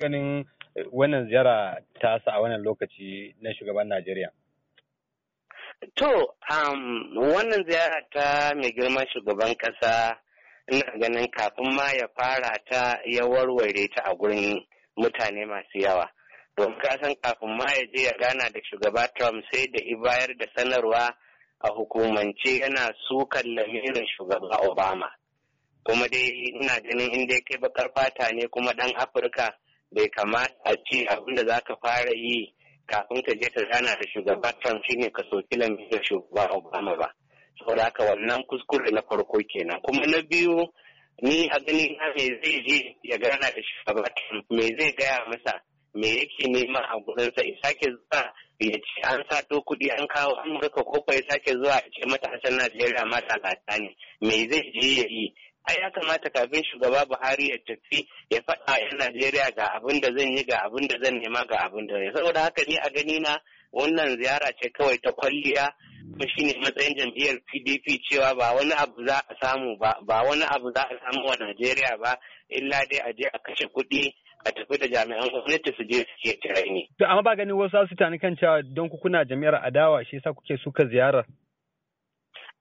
ganin eh, wannan ziyara ta sa a wannan lokaci na shugaban Najeriya? To, um, wannan ziyara ta mai girman shugaban ƙasa ina ganin kafin ma ya fara ta ya warware ta a gurin mutane masu yawa. Don kasan kafin ma ya je ya gana da shugaba Trump sai da bayar da sanarwa a hukumance yana sukan lamirin shugaba Obama. Kuma dai ina ganin inda ya kai bakar fata ne kuma ɗan Afirka. bai kamata a ce abin da za ka fara yi kafin ka je ka gana da shugaba Trump shine ka soki da shugaba Obama ba. Saboda haka wannan kuskure na farko kenan. Kuma na biyu ni a gani na me zai je ya gana da shugaba Trump me zai gaya masa me yake nema a gurinsa ya sake zuwa ya ce an sato kuɗi an kawo amurka ko ya sake zuwa a ce matasan najeriya ma talata ne me zai je ya yi A ya kamata kafin shugaba Buhari ya tafi ya faɗa yan Najeriya ga abin da zan yi ga abin da zan nema ga abin da saboda haka ni a gani na wannan ziyara ce kawai ta kwalliya kuma shine matsayin jam'iyyar PDP cewa ba wani abu za a samu ba ba wani abu za a samu wa Najeriya ba illa dai a je a kashe kuɗi a tafi da jami'an gwamnati su je su ke tirani. To amma ba gani wasu su tani kan cewa don ku kuna jami'ar adawa shi yasa kuke suka ziyara?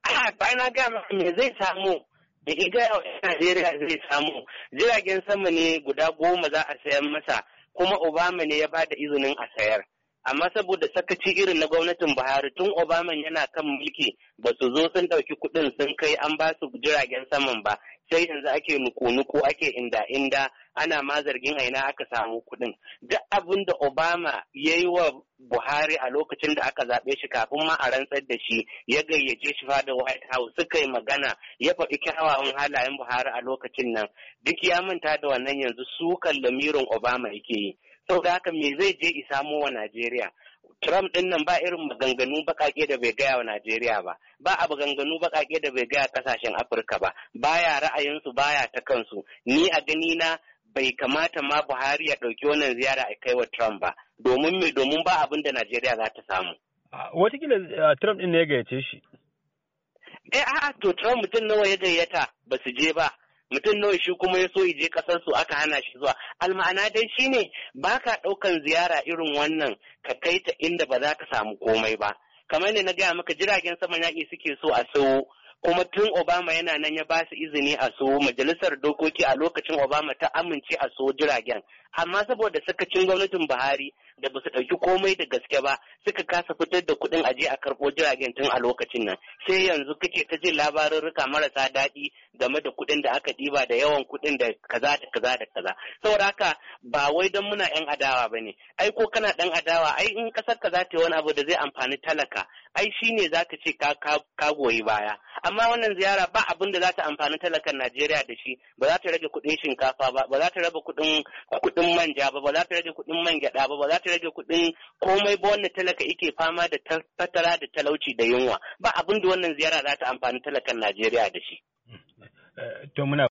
A ba na gaya me zai samu in yan Najeriya zai samu jiragen sama ne guda goma za a sayan masa kuma Obama ne ya ba da izinin a sayar. Amma saboda sakaci irin na gwamnatin Buhari tun Obama yana kan mulki ba su zo sun ɗauki kuɗin sun kai an ba su jiragen saman ba sai yanzu ake nuku-nuku ake inda-inda ana ma zargin aina aka samu kuɗin duk abin da obama ya yi wa buhari a lokacin da aka zaɓe shi kafin ma a rantsar da shi ya gayyace shi fada white house suka yi magana ya faɗi kyawawan halayen buhari a lokacin nan duk ya manta da wannan yanzu sukan lamirin obama yake yi saboda haka me zai je isamo wa najeriya Trump ɗin nan ba irin maganganu baƙaƙe da bai gaya wa Najeriya ba, ba a maganganu baƙaƙe da bai gaya ƙasashen Afirka ba, baya ra'ayinsu baya ta kansu. Ni a gani na bai kamata ma Buhari ya ɗauki wannan ziyara a kai wa Trump ba domin me domin ba abin da Najeriya za ta samu. Ah, Wataƙila ah, Trump ɗin ne ya gayyace shi. Eh a'a to Trump mutum nawa ya gayyata ba su je ba. Mutum nawa shi kuma ya so je kasar su aka hana shi zuwa. Alma'ana dai shine ba ka ɗaukan ziyara irin wannan ka kai ta inda ba za ka samu komai ba. Kamar ne na gaya maka jiragen saman yaƙi suke so a sau kuma tun Obama yana nan ya ba su izini a su majalisar dokoki a lokacin Obama ta amince a su jiragen. Amma saboda sakacin gwamnatin Buhari da ba su ɗauki komai da gaske ba suka kasa fitar da kuɗin aje a karɓo jiragen tun a lokacin nan. Sai yanzu kake ta jin labarurruka marasa daɗi game da kuɗin da aka ɗiba da yawan kuɗin da kaza da kaza da kaza. Saboda haka ba wai don muna 'yan adawa ba ne. Ai ko kana ɗan adawa ai in ƙasar ka za ta yi wani abu da zai amfani talaka ai shine za ka ce ka goyi baya. amma wannan ziyara ba abin da za ta amfani talakan Najeriya da shi ba za ta rage kuɗin shinkafa ba ba za ta rage kuɗin kuɗin manja ba ba za ta rage kuɗin man gyaɗa ba ba za ta rage kuɗin komai ba wannan talaka yake fama da tattara da talauci da yunwa ba abin da wannan ziyara za ta amfani talakan Najeriya da shi. Eh, to muna